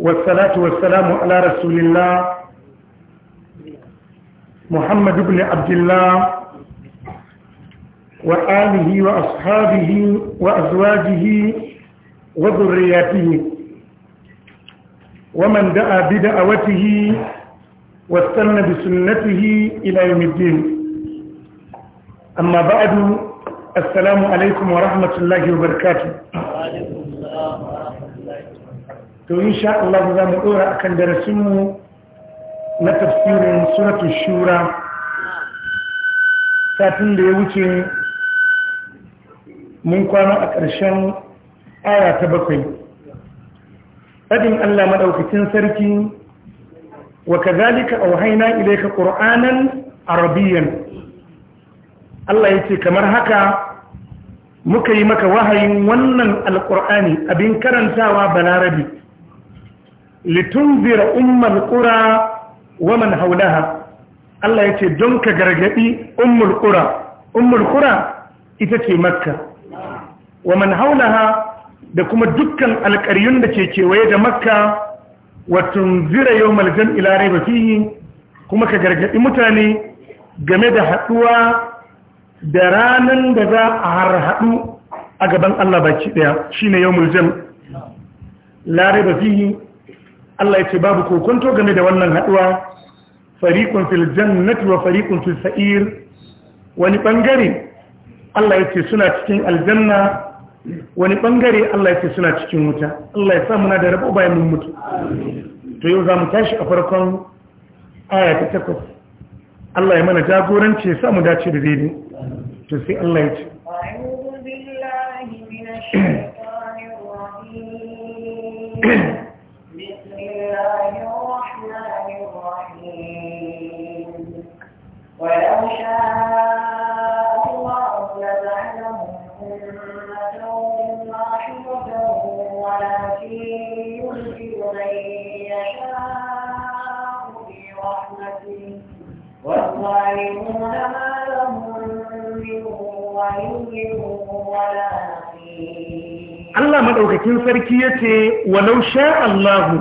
والصلاة والسلام على رسول الله محمد بن عبد الله وآله وأصحابه وأزواجه وذرياته ومن دعا بدعوته واستنى بسنته إلى يوم الدين أما بعد السلام عليكم ورحمة الله وبركاته to insha Allah za mu dora akan darasinmu na tafsirin suratu shura satin da ya wuce mun kwana a ƙarshen aya ta bakwai fadin Allah madaukakin sarki wa kadhalika auhayna ilayka qur'anan arabiyyan Allah yace kamar haka muka yi maka wahayin wannan alƙur'ani abin karantawa balarabi litunzira ummal qura wa man haulaha Allah yace don ka gargadi ummul qura ummul qura ita ce makka wa man haulaha da kuma dukkan alƙaryun da ke kewaye da makka wa tunzira yawmal jam'i la rayba fihi kuma ka gargadi mutane game da haduwa da ranan da za a harhaɗu a gaban Allah baki daya shine yawmul jam' la rayba fihi Allah ya ce babu kokonto game da wannan haduwa fariqun fil jannati wa fariqun fil sa'ir wani bangare Allah ya ce suna cikin aljanna wani bangare Allah ya ce suna cikin wuta Allah ya sa muna da rabo bayan mun mutu to yau za mu tashi a farkon aya ta takwas Allah ya mana jagoranci ya sa mu dace da daidai to sai Allah ya ce Thank you. ولو شاء الله لجعلهم أمة واحدة ولكن يهدي من يشاء برحمته والظالمون ما لهم من ولي ولا Allah madaukakin sarki yace walau sha Allahu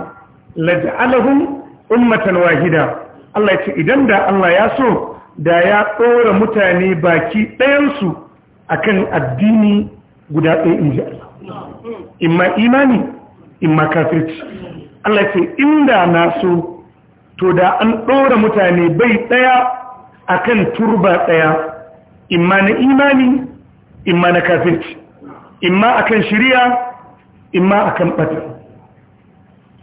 laj'alahum ummatan wahida Allah ce idan da Allah ya so da ya tsora mutane baki ɗayansu akan addini guda ɗaya in ji Allah imma imani imma kafirci Allah ce inda na so to da an ɗora mutane bai ɗaya akan turba ɗaya imma na imani imma na kafirci imma akan shiriya imma akan ɓata.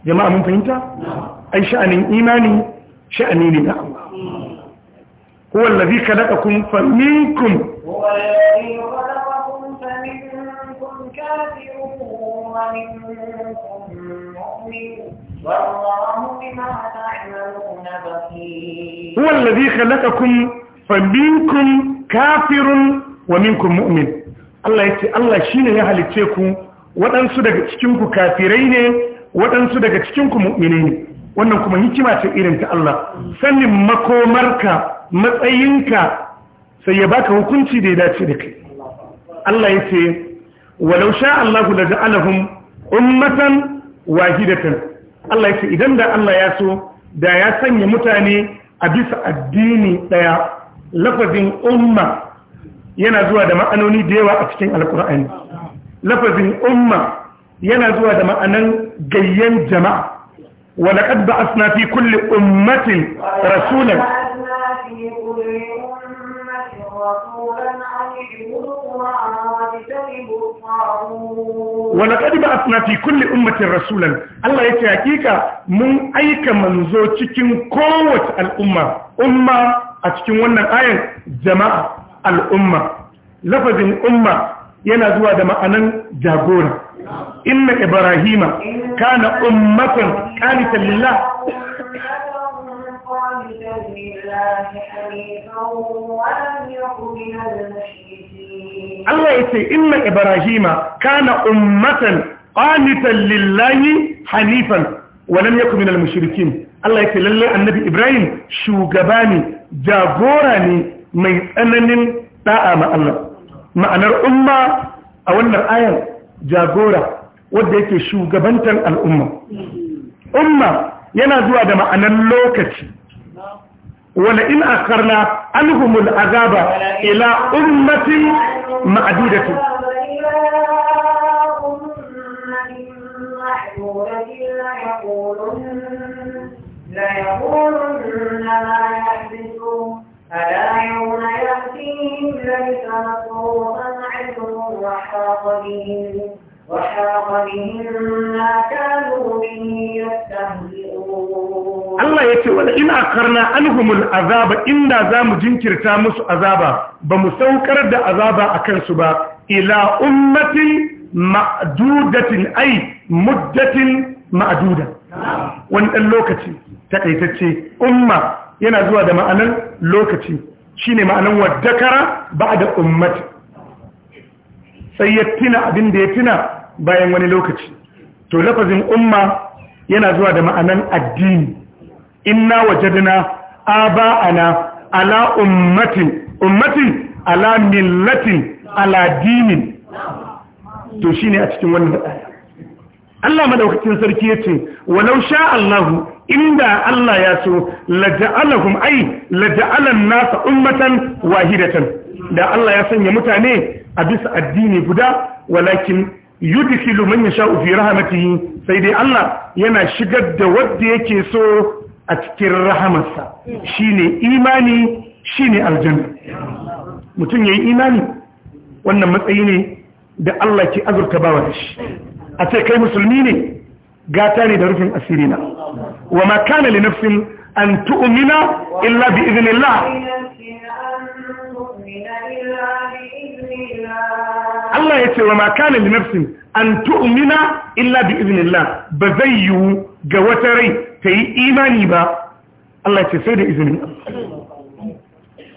jama'a mun fahimta ai sha'anin imani sha'ani ne na'am هو الذي خلقكم فمنكم هو الذي خلقكم فمنكم كافر ومنكم مؤمن الله يتي الله شين يهلكيكم ودانسو daga cikinku kafirai ne wadansu daga cikinku mu'minai wannan kuma hikima ce irin ta Allah sannin makomarka matsayinka sai ya baka hukunci da ya dace da kai Allah ya ce walau sha Allahu la ja'alahum ummatan wahidatan Allah ya ce idan da Allah ya so da ya sanya mutane a bisa addini daya lafazin umma yana zuwa da ma'anoni da yawa a cikin alkur'ani lafazin umma yana zuwa da ma'anan gayyen jama'a wa laqad ba'athna fi kulli ummatin rasulan wani ƙadi ba a suna fi kulle ummatin rasulan Allah ya ce hakika mun aika manzo cikin kowace al'umma umma a cikin wannan ayan jama'a al'umma lafazin umma yana zuwa da ma'anan jagora inna ibrahima kana ummatan kani lillah Allah ya ce, "Inna Ibrahima, kana ummatan ƙwanitan lillahi hanifan, walam ya kuminal mashirikin." Allah ya ce, "Lallai annabi Ibrahim shugaba ne, jagora ne mai tsananin ɗa'a ma'allar." Ma'anar umma a wannan ayan jagora wadda yake shugabantar al'umma. Umma yana zuwa da ma'anan lokaci wala in akarna alhumul azaba ila ummatin ma'adidatu وحاق بهم ما كانوا به يستهزئون Allah ya ce wani ina karna alhumul azaba inda za mu jinkirta musu azaba ba mu saukar da azaba a kansu ba ila ummatin ma'dudatin ai muddatin ma'duda wani ɗan lokaci ta taƙaitacce umma yana zuwa da ma'anar lokaci shine ma'anar waddakara ba da ummati sai ya tina abin da ya tina bayan wani lokaci to lafazin umma yana zuwa da ma'anan addini inna wajadna aba'ana ala ummatin ummatin ala millatin ala dinin to shine a cikin wannan aya Allah madaukakin sarki yace walau sha Allah inda Allah ya so laja'alahum ay laja'alan nasa ummatan wahidatan da Allah ya sanya mutane a bisa addini guda walakin yudkhilu man yasha'u fi rahmatihi sai dai Allah yana shigar da wadda yake so a cikin rahamarsa shine imani shine aljanna mutum yayi imani wannan matsayi ne da Allah ke azurta bawa da shi a ce kai musulmi ne gata ne da rufin asirina wa ma kana li nafsin an tu'mina illa bi idhnillah Allah ya ce wa makana da nafsin an tu'umina illa bi iznillah ba zai yiwu ga wata rai ta yi imani ba Allah ya ce sai da izinin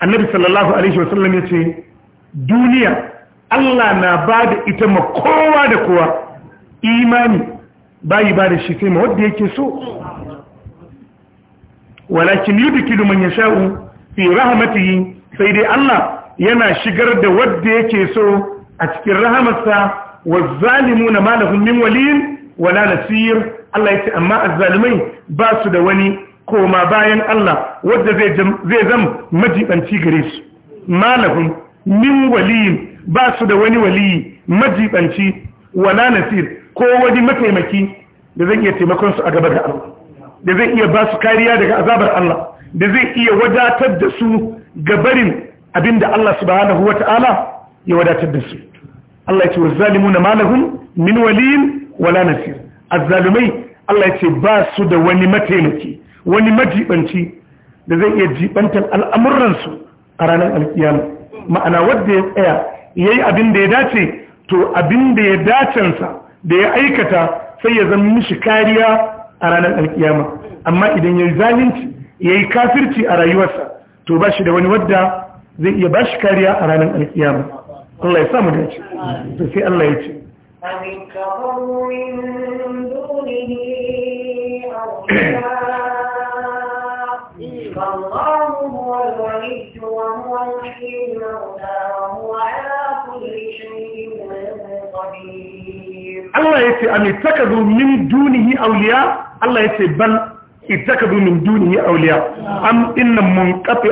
annabi sallallahu alaihi wasallam ya ce duniya Allah na ba da ita ma kowa da kowa imani bayi ba da shi sai ma wadda yake so walakin yudkilu ya sha'u fi rahamatiyi sai dai Allah yana shigar da wadda yake so a cikin rahamarsa wa zalimuna na lahum min waliyin wala nasir Allah ya ce amma azzalimai ba su da wani koma bayan Allah wanda zai zama majibanci gare su malahum min waliyin ba su da wani waliyi majibanci wala nasir ko wani mataimaki da zai iya taimakon su a gaba da Allah da zai iya ba su kariya daga azabar Allah da zai iya wadatar da su ga barin abinda Allah subhanahu wata'ala ya wadatar da su Allah ya ce wa zalimu na malahun min waliyin wala nasir azzalumai Allah ya ce ba su da wani mataimaki wani majibanci da zai iya jibantar al'amuransu a ranar alkiyama ma'ana wadda ya tsaya ya yi abin da ya dace to abin da ya dacensa da ya aikata sai ya zama mishi kariya a ranar alkiyama amma idan ya yi zalunci ya yi kafirci a rayuwarsa to ba shi da wani wadda zai iya ba shi kariya a ranar alkiyama Allah ya sa mu dace to sai Allah ya ce Allah ya ce ami takazu min dunihi awliya Allah ya ce bal itakazu min dunihi awliya am innam munqati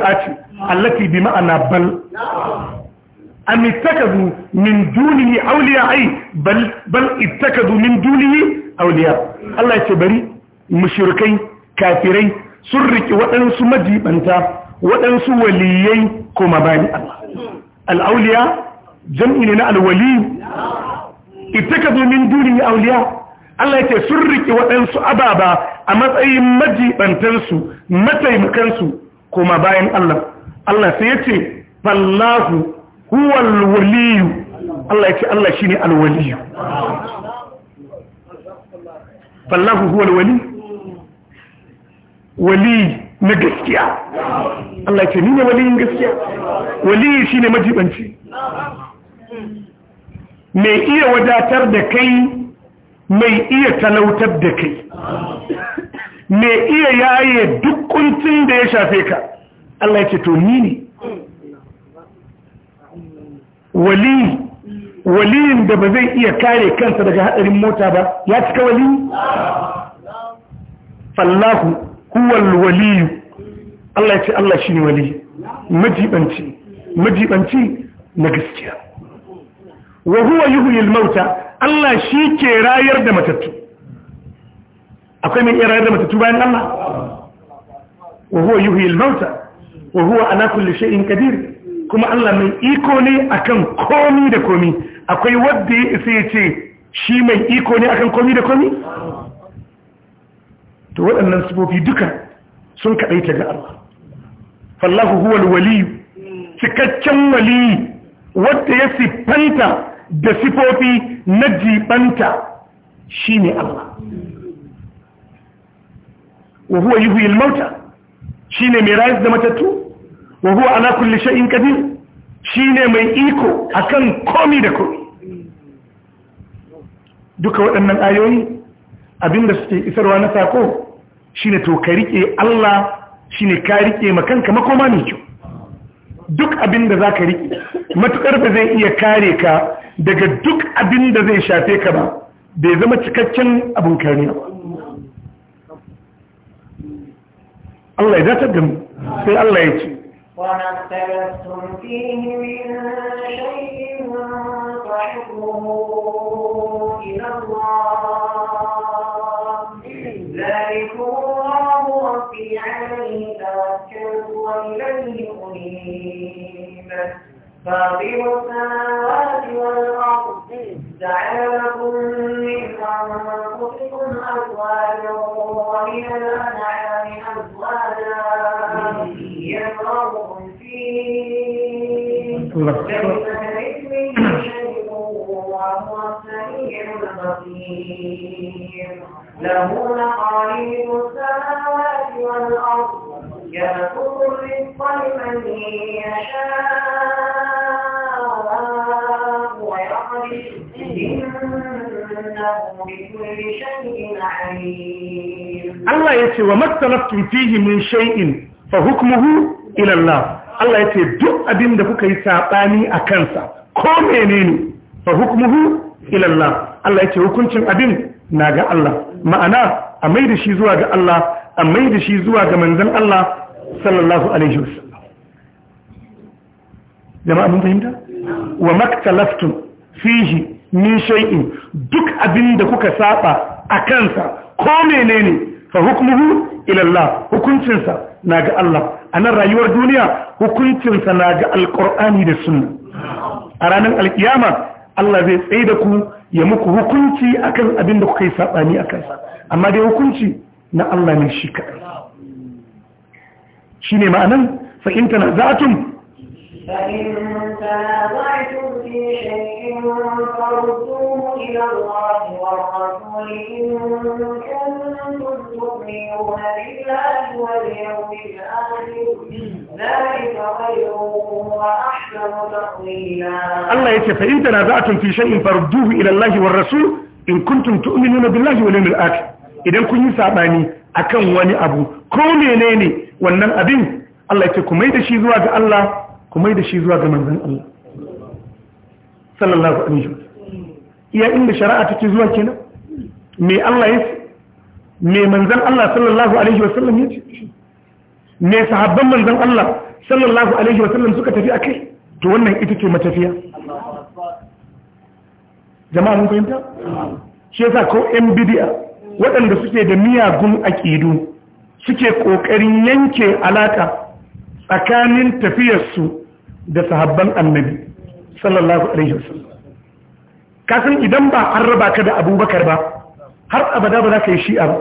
allati bima'ana bal أم اتخذوا من دونه أولياء أي بل, بل اتخذوا من دونه أولياء الله يتبري مشركي كافري سرك وأنس مجيبنتا وأنس وليي كما باني الله الأولياء جمعنا الولي اتخذوا من دونه أولياء Allah yake sun riƙe waɗansu ababa a matsayin majibantansu mataimakansu kuma bayan Allah Allah sai yace fallahu huwal waliyu Allah ya ce Allah shi ne alwaliyu fallahu huwal wali wali na gaskiya Allah ya ce ni ne na gaskiya wali shi ne majibanci mai iya wadatar da kai mai iya talautar da kai mai iya yaye duk kuncin da ya shafe ka Allah ya ce to ni ne wali waliyin da ba zai iya kare kansa daga hadarin mota ba ya cika wali fallahu huwal waliyu Allah ya ce Allah shi ne wali majibanci majibanci na gaskiya wa huwa yuhyi mauta Allah shi ke rayar da matattu akwai mai iya rayar da matattu bayan Allah wa huwa yuhyi mauta wa huwa ala kulli shay'in qadir kuma Allah mai iko ne akan komi da komi akwai wadda ya isa ya ce shi mai iko ne akan komi da komi to waɗannan sufofi duka sun kaɗai ta ga Allah fallahu huwal wali, cikakken wali, wadda ya siffanta da sifofi na jibanta shi ne Allah wa huwa yuhyil mauta shine mai rayar da matattu wa huwa ala kulli shay'in qadir shine mai iko akan komi da komi duka waɗannan ayoyi abinda suke isarwa na sako shine to ka rike Allah shine ka rike makanka makoma ne kyau duk abinda zaka rike matukar ba zai iya kare ka daga duk abinda zai shafe ka ba bai zama cikakken abin kariya ba Allah ya datar da mu sai Allah ya ce وما اختلفتم فيه من شيء فحكمه إلى الله ذلكم الله ربي عليه توكلت وإليه أنيب فاطر السماوات والأرض جعل لكم من أنفسكم أزواجا ومن الأنعام أزواجا يفرغكم فيه ليس كمثله شيء وهو السميع البصير له مقاليد السماوات والأرض allah ya ce wa ويقدر إنه بكل شيء fa الله يتي Allah ya ce duk abin da kuka yi saɓani a kansa ko menene fa hukmuhu ilallah Allah ya ce hukuncin abin na ga Allah ma'ana a mai da shi zuwa ga Allah a mai da shi zuwa ga manzan Allah sallallahu alaihi wasallam jama'a mun fahimta wa maktalaftum fihi min shay'in duk abinda kuka saba a kansa ko menene fa hukmuhu ila Allah hukuncinsa na ga Allah a nan rayuwar duniya hukuncinsa na ga alkur'ani da sunna a ranar alkiyama Allah zai tsaye da ku ya muku hukunci akan abinda kuka yi saɓani a kansa amma dai hukunci na Allah ne shi kaɗai shine ma'anan فإن تنازعتم في شيء فردوه إلى الله والرسول إن كنتم تؤمنون بالله واليوم الآخر ذلك خير وأحسن تأويلا الله يتي فإن تنازعتم في شيء فردوه إلى الله والرسول إن كنتم تؤمنون بالله واليوم الآخر إذا كنتم تعبانين akan wani abu ko menene wannan abin Allah ce ku mai da shi zuwa ga Allah ku mai da shi zuwa ga manzon Allah sallallahu alaihi wasallam ya inda shari'a take zuwa kenan me Allah ya me manzon Allah sallallahu alaihi wasallam ya ce me sahabban manzon Allah sallallahu alaihi wasallam suka tafi akai to wannan ita ce matafiya jama'a mun fahimta shi yasa ko yan waɗanda suke da miyagun aƙidu suke ƙoƙarin yanke alaƙa tsakanin tafiyarsu da sahabban annabi sallallahu alaihi wasallam kasan idan ba an raba ka da abubakar ba har abada ba za ka yi shi'a ba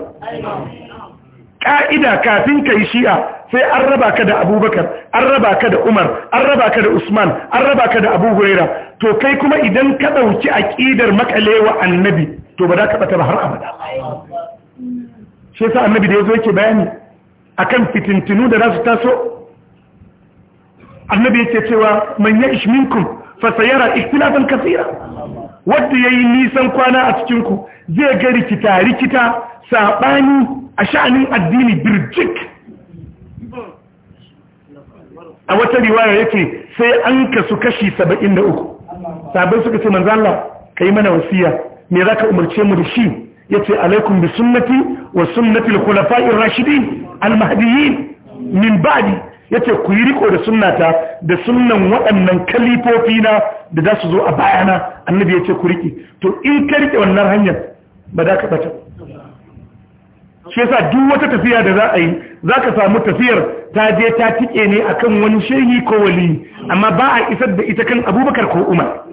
ƙa'ida kafin ka yi shi'a sai an raba ka da abubakar an raba ka da umar an raba ka da usman an raba ka da abu to kai kuma idan ka ɗauki aƙidar makalewa annabi to ba za ka bata ba har abada shi sa annabi da yazo yake bayani akan fitintinu da za su taso annabi yake cewa man ya'ish fasayara fa kasira ikhtilafan kaseera wanda yayi nisan kwana a cikin ku zai ga rikita rikita saɓani a sha'anin addini birjik a wata riwaya yake sai an kasu kashi 73 sabai suka ce manzo ka yi mana wasiya me za ka umarce mu da shi ya ce alaikum bi sunnati wa sunnati al-khulafa'ir rashidin al-mahdiyyin min ba'di yace ku yi riko da sunnata da sunnan waɗannan kalifofi na da za su zo a bayana annabi yace ku riƙe. to in ka riƙe wannan hanyar ba za ka ɓata shi yasa duk wata tafiya da za a yi za ka samu tafiyar ta je ta tike ne akan wani shehi ko wali amma ba a isar da ita kan abubakar ko umar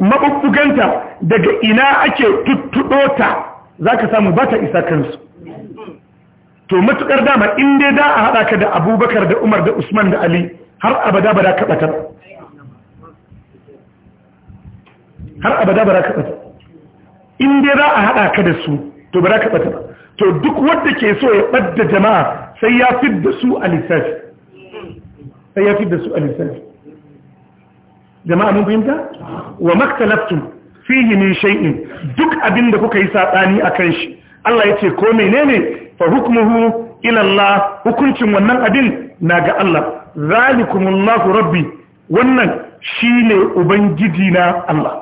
maɓuɓɓuganta daga ina ake tuttuɗo ta za ka samu ba ta isa kansu to matuƙar dama in dai za a haɗa ka da abubakar da umar da usman da ali har abada ba da ka ɓata har abada ba ka ɓata in dai za a haɗa ka da su to ba da ka ɓata ba to duk wadda ke so ya ɓadda jama'a sai ya fi da su a lissafi sai ya fi da su a lissafi jama'a mun fahimta wa maktalaftum fihi min shay'in duk abinda kuka yi sabani kan shi Allah yace ko menene fa hukmuhu ila Allah hukuncin wannan abin na ga Allah zalikumullahu rabbi wannan shine ubangiji na Allah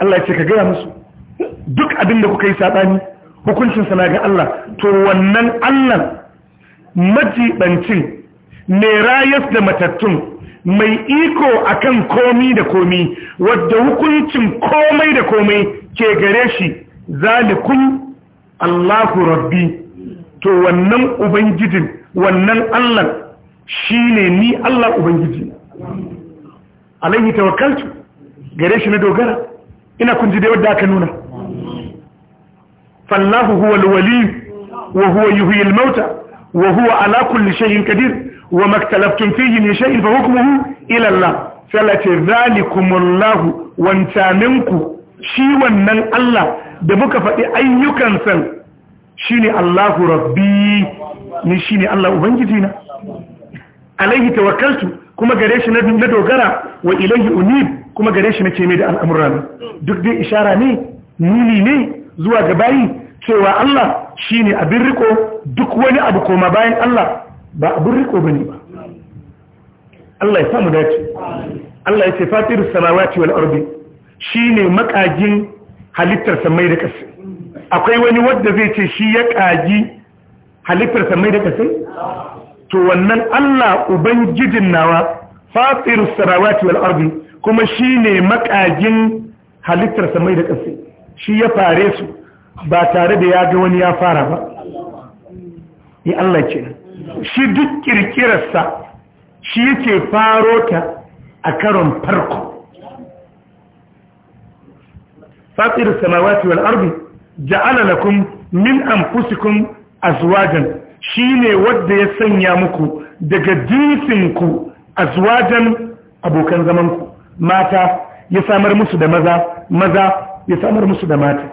Allah yace ka ga musu duk abin kuka yi sabani hukuncin sa na ga Allah to wannan Allah majibancin ne rayas da matattun mai iko akan komi da komi wadda hukuncin komai da komai ke gare shi zalikun Allahu rabbi to wannan ubangijin wannan Allah ne ni Allah ubangiji alaihi tawakkaltu gare shi na dogara ina kun ji da wadda aka nuna fallahu huwa alwali wa huwa yuhyi mauta wa huwa ala kulli shay'in qadir wa maktalaftun fihi ne shay'in fa hukmuhu ila Allah sai Allah zalikumullahu wancaninku shi wannan Allah da muka faɗi ayyukansa shine Allahu rabbi ni shine Allah ubangiji na alaihi tawakkaltu kuma gare shi na dogara wa ilaihi unib kuma gare shi nake mai da al'amura duk dai ishara ne nuni ne zuwa ga bayi cewa Allah shine abin riko duk wani abu koma bayan Allah ba abin riko bane ba Allah ya samu dace Allah ya ce fatir samawati wal ardi shine makajin halittar samai da kasai akwai wani wanda zai ce shi ya kaji halittar samai da kasai? to wannan Allah ubangijin nawa fatir samawati wal ardi kuma shine makajin halittar samai da kasai, shi ya fare su ba tare da ya ga wani ya fara ba ni Allah kenan shi duk kirkirarsa shi yake faro ta a karon farko fatir samawati wal ardi ja'ala lakum min anfusikum azwajan shine wanda ya sanya muku daga jinsinku azwajan abokan zaman ku mata ya samar musu da maza maza ya samar musu da mata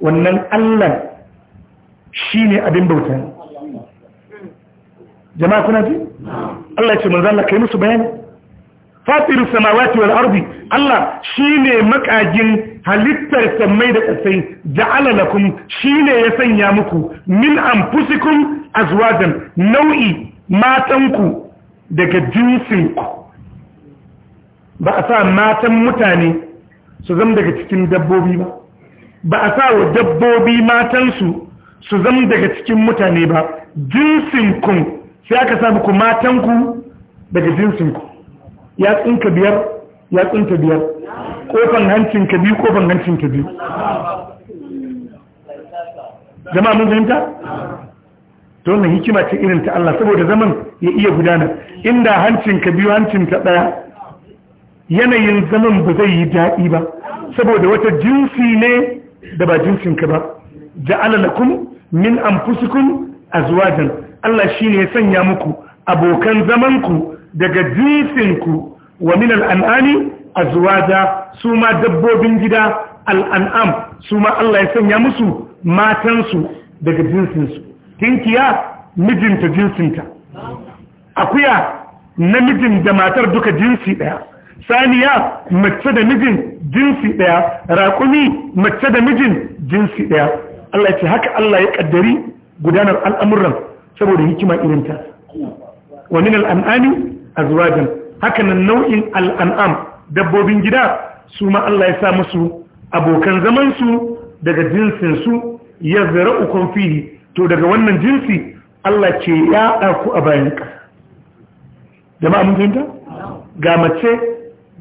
wannan Allah shine abin bauta jama'a kuna ji Allah ya ce manzo Allah kai musu bayani fatiru samawati wal ardi Allah shine makajin halittar samai da kasai ja'ala lakum shine ya sanya muku min anfusikum azwajan nau'i matanku daga jinsin ku. ba a sa matan mutane su zama daga cikin dabbobi ba ba a sa wa dabbobi matansu su zama daga cikin mutane ba jinsin ku sai aka sa muku matanku daga jinsinku tsinka biyar ya tsinka biyar kofan hancinka biyu kofan hancinka biyu jama'a mun fahimta to wannan hikima ce irin ta Allah saboda zaman ya iya gudana inda hancinka biyu hancinka daya yanayin zaman ba zai yi daɗi ba saboda wata jinsi ne da ba jinsinka ba ja'ala lakum min anfusikum azwajan Allah shi ne sanya muku abokan zamanku daga jinsinku wa min al'an'ani a su ma dabbobin gida al'an'am su ma Allah ya sanya musu matansu daga jinsinsu tinkiya mijinta jinsinta akuya namijin da matar duka jinsi ɗaya saniya mace da mijin jinsi ɗaya raƙumi mace da mijin jinsi ɗaya Allah ya ce haka Allah ya ƙaddari gudanar al'amuran saboda hikima irin ta wa al’an’ani al'an'ami azwajan haka nan nau'in al'an'am dabbobin gida su ma Allah ya sa musu abokan zaman su daga jinsin su ya zara'ukum fihi to daga wannan jinsi Allah ce ya ɗaku a bayan ƙasa jama'a mun fahimta ga mace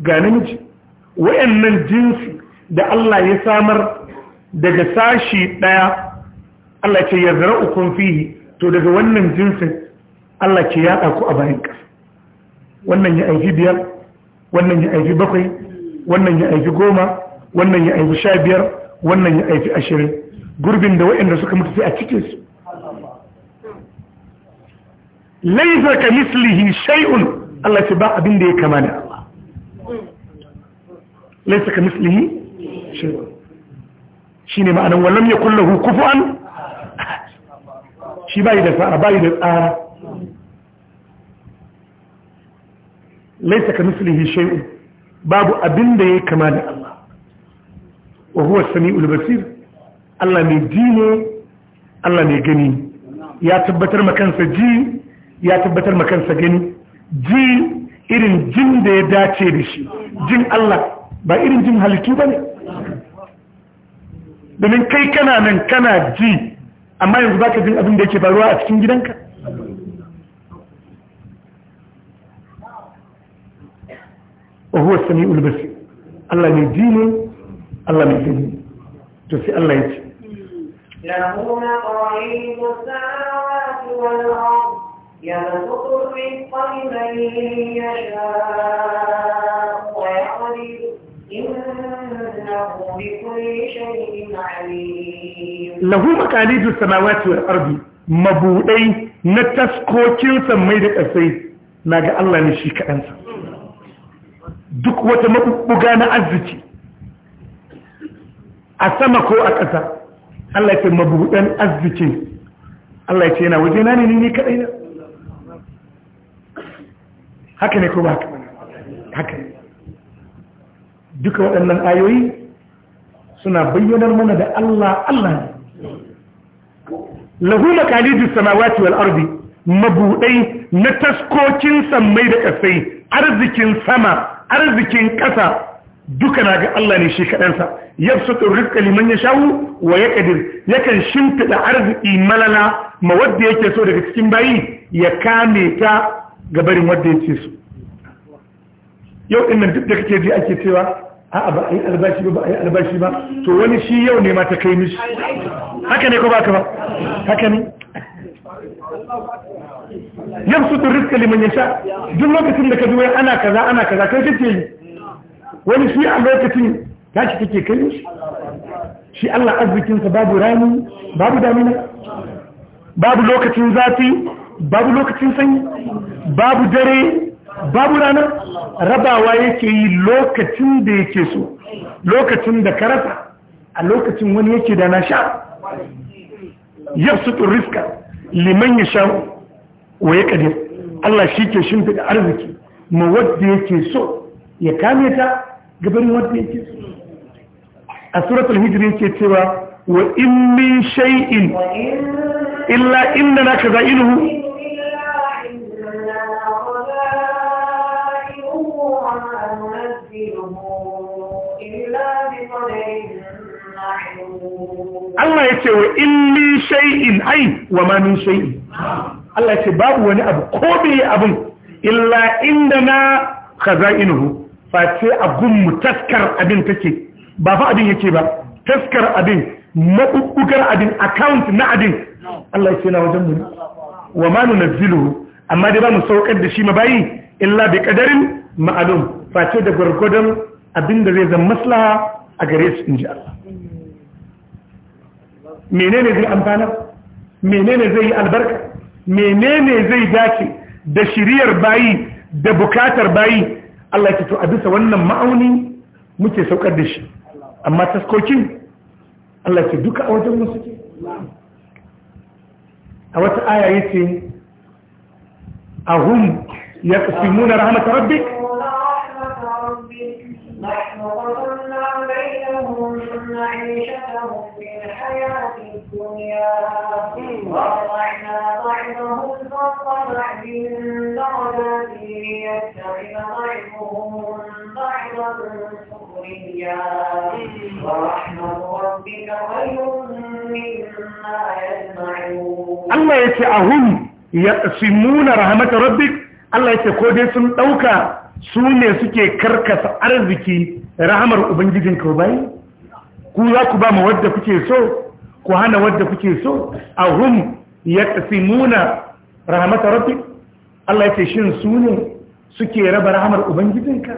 ga namiji wayannan jinsi da Allah ya samar daga sashi ɗaya Allah ce ya zara'ukum fihi to daga wannan jinsin Allah ke yaɗa ku a bayan ƙasa wannan ya aiki biyar wannan ya aiki bakwai wannan ya aiki goma wannan ya aiki sha biyar wannan ya aiki ashirin gurbin da waɗanda suka mutu sai a cikin su laisa ka mislihi shay'un Allah ce ba abin da ya kama da Allah laisa ka mislihi shay'un shine ma'anan wallam yakul hukufu an? shi bai da sa'a bai da tsara laisa ka mislihi shai'u babu abin da yi kama da Allah wa huwa samiul basir Allah mai ji ne Allah mai gani ya tabbatar ma kansa ji ya tabbatar ma kansa gani ji irin jin da ya dace da shi jin Allah ba irin jin halittu ba ne domin kai kana nan kana ji amma yanzu za ka jin abin da yake faruwa a cikin gidanka wa huwa sami'ul basir Allah mai ji Allah mai to sai Allah ya ce lahu makalidu samawati wal ardi mabudai na taskokin samai da kasai na ga Allah ne shi kaɗansa duk wata mabuga na arziki a sama ko a ƙasa Allah ya ce mabudan arzikin Allah ya ce yana waje na ne ni kadai na haka ne ko ba haka ne duka waɗannan ayoyi suna bayyanar mana da Allah Allah lahu makalidu samawati wal ardi mabudai na taskokin sammai da kasai arzikin sama arzikin ƙasa duka na ga Allah ne shi kaɗansa yabsutu rizqa liman yashau wa yaqdir yakan shimfida arziki malala ma wanda yake so daga cikin bayi ya kame ta ga barin wanda yake so yau inda duk da kake ji ake cewa a'a ba a yi albashi ba ba a yi albashi ba to wani shi yau ne ma ta kai mishi haka ne ko ba ka ba haka ne yau su tun riska liman sha duk lokacin da ka zuwa ana kaza ana kaza kai kake yi wani shi a lokacin tashi kake kai mishi shi Allah arzikinsa babu rani babu damina babu lokacin zafi babu lokacin sanyi babu dare babu ranar rabawa yake yi lokacin da yake so lokacin da karata a lokacin wani yake da na sha yabsutur rizqa liman sha wa kadir Allah shi fi shimfida arziki ma wadda yake so ya kame ta gabarin wadda yake so a suratul hijr yake cewa wa in min shay'in illa inna za'iluhu Allah ya ce wa illi shay'in ai wa ma min shay'in Allah ya ce babu wani abu ko bai abin illa inda indana khaza'inuhu fa ce agun mu taskar abin take ba fa abin yake ba taskar abin mabukkar abin account na abin Allah ya ce na wajen mu wa ma nunzilu amma dai ba mu saukar da shi mabayi illa bi qadarin ma'lum fa ce da gurgudan abinda zai zama maslaha a gare su in ji Allah menene zai amfanar menene zai yi albarka menene zai dace da shiriyar bayi da bukatar bayi Allah ke to a bisa wannan ma'auni muke saukar da shi amma taskokin Allah ce duka a wajen musu ke a wata aya yace ahum rahama ta rabbi? معيشتهم في فوق بعض درجات ورحمة ربك خير مما الله يتعهم يقسمون رحمة ربك Allah ya ce ko dai sun ɗauka su ne suke karkasa arziki rahamar ku za ku ba mu wadda kuke so ku hana wadda kuke so a hum ya ƙasimuna rahamata rafi Allah ya ce shi su ne suke raba rahamar ubangijinka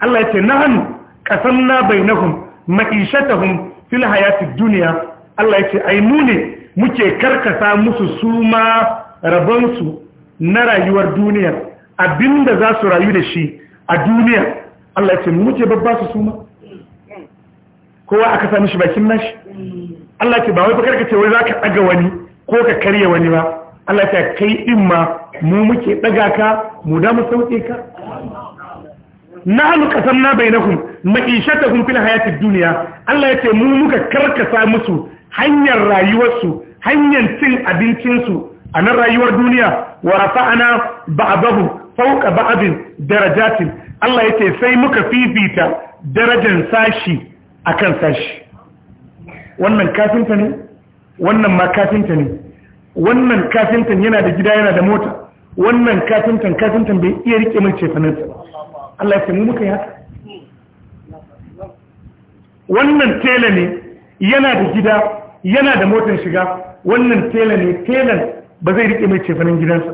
Allah ya ce na hannu kasan na bai na hun ma'ishatahun fil hayatid duniya Allah ya ce ai mu ne muke karkasa musu su ma rabonsu na rayuwar duniya abinda za su rayu da shi a duniya Allah ya ce muke babba su su kowa aka sami shi bakin nashi Allah ce ba wai fakar ka ce wai za ka ɗaga wani ko ka karya wani ba Allah ce kai ɗin ma mu muke ɗaga ka mu damu sauƙe ka na hannu ƙasar na bai na kun ma'ishata kun fil hayati duniya Allah ya ce mu muka karkasa musu hanyar rayuwarsu hanyar cin abincinsu a nan rayuwar duniya wa rafa'ana ba'dahu fawqa ba'din darajatin Allah ya ce sai muka fifita darajar sashi akan sashi wannan kafinta ne wannan ma kafinta ne wannan kafintan yana da gida yana da mota wannan kafintan kafintan bai iya rike mai cefaninsa Allah ya mu muka yi haka wannan tela ne yana da gida yana da motar shiga wannan tela ne telan ba zai rike mai cefanin gidansa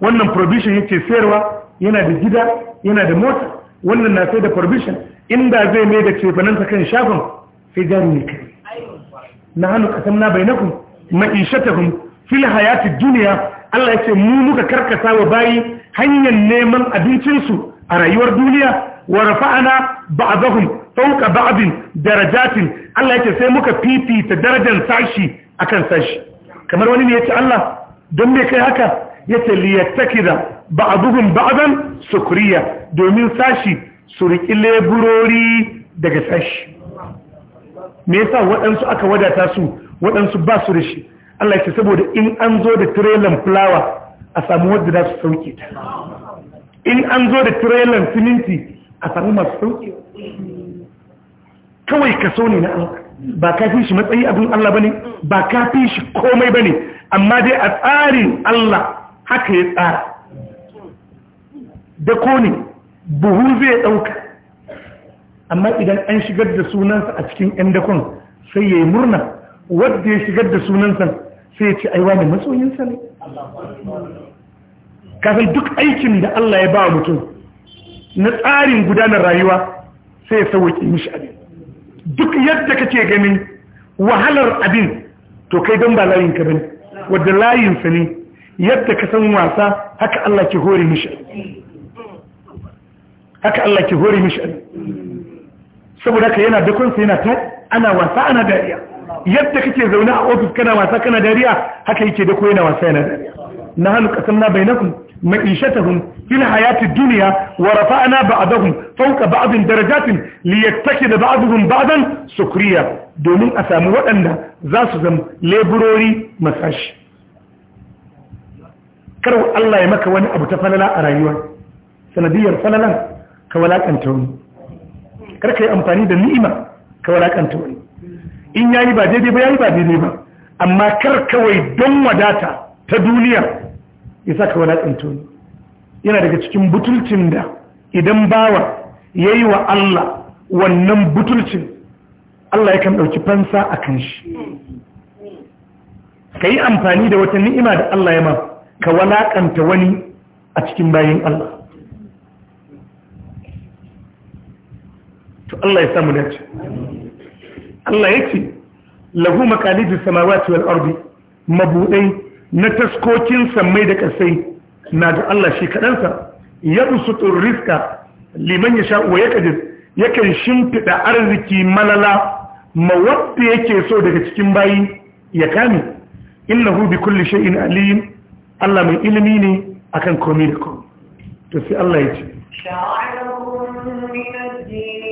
wannan provision yake sayarwa yana da gida yana da mota wannan na sai da provision inda zai mai da cefanansa kan shafin sai jaru ne kai na hannu kasam na bainakun ma'ishatahum fil hayati duniya Allah ya ce mu muka karkasa wa bayi hanyar neman abincinsu a rayuwar duniya wa rafa'ana ba'dahum fawqa ba'din darajatin Allah ya ce sai muka fifita darajar sashi akan sashi kamar wani ne ya ci Allah don me kai haka yace liyattakida ba'dahum ba'dan sukriya domin sashi su riƙi leburori daga sashi me yasa waɗansu aka wadata su waɗansu ba su da shi Allah ya ce saboda in an zo da tirelan fulawa a samu wadda za su sauke ta in an zo da tirelan siminti a samu masu sauke kawai kaso ne na Allah ba ka fi shi matsayi abin Allah bane ba ka fi shi komai bane amma dai a tsarin Allah haka ya tsara da ko ne buhu zai ɗauka amma idan an shigar da sunansa a cikin ‘yan dakon sai ya yi murna wadda ya shigar da sunansa sai ya ce aiwa ne masoyinsa ne kafin duk aikin da Allah ya ba mutum na tsarin gudanar rayuwa sai ya sauwaƙe mishi abin duk yadda kake ganin wahalar abin to kai don ba layinka bane wadda layinsa ne yadda ka san wasa haka Allah ke hore mishi haka Allah ke hore mishi saboda ka yana da kunsa yana ta ana wasa ana dariya yadda kake zaune a ofis kana wasa kana dariya haka yake da ko yana wasa yana dariya na halu qasamna bainakum ma'ishatuhum fil hayati dunya wa rafa'na ba'dahum معيشتهم في الحياة الدنيا ورفعنا ba'dan sukriya domin a samu wadanda za su zama أسامو masashi زاسزم Allah ya maka wani abu ta falala a rayuwa sanadiyar falalan ka walakanta wani karka yi amfani da ni'ima ka walakanta wani in yayi ba daidai ba yi ba daidai ba amma kar kawai don wadata ta duniya ya sa ka walakanta wani yana daga cikin butulcin da idan bawa ya yi wa Allah wannan butulcin Allah yakan ɗauki fansa a kan shi ka yi amfani da wata ni'ima da Allah ya ma ka walakanta wani a cikin bayin Allah to Allah ya samu dace Allah ya ce lahu makalidu samawati wal ardi mabudai na taskokin sammai da kasai na ga Allah shi kadansa ya busutu rizqa liman yasha wa yaqdir yakan shimfida arziki malala mawadda yake so daga cikin bayi ya kame innahu bi kulli shay'in alim Allah mai ilimi ne akan komai da komai to sai Allah ya ce min ad-din